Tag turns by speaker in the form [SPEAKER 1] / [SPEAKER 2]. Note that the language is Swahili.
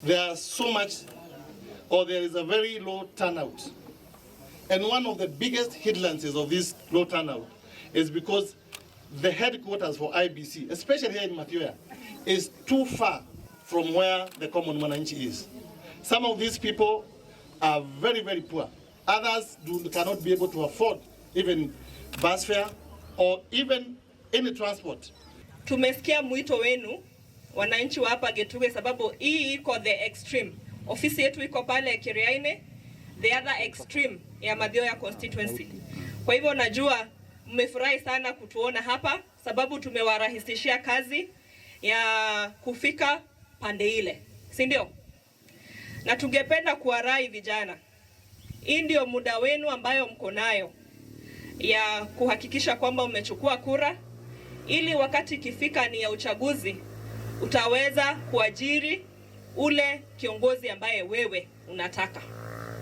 [SPEAKER 1] There are so much, or there is a very low turnout. And one of the biggest hindrances of this low turnout is because the headquarters for IBC, especially here in Mathioya, is too far from where the common Mwananchi is. Some of these people are very, very poor. Others do, cannot be able to afford even bus fare or even any transport.
[SPEAKER 2] Tumesikia mwito wenu wananchi wa hapa Githuge sababu hii iko the extreme. Ofisi yetu iko pale Kiriaini, the other extreme ya Mathioya constituency. Kwa hivyo najua mmefurahi sana kutuona hapa sababu tumewarahisishia kazi ya kufika pande ile, si ndio? Na tungependa kuwarai vijana, hii ndio muda wenu ambayo mko nayo ya kuhakikisha kwamba umechukua kura ili wakati ikifika ni ya uchaguzi utaweza kuajiri ule kiongozi ambaye wewe unataka.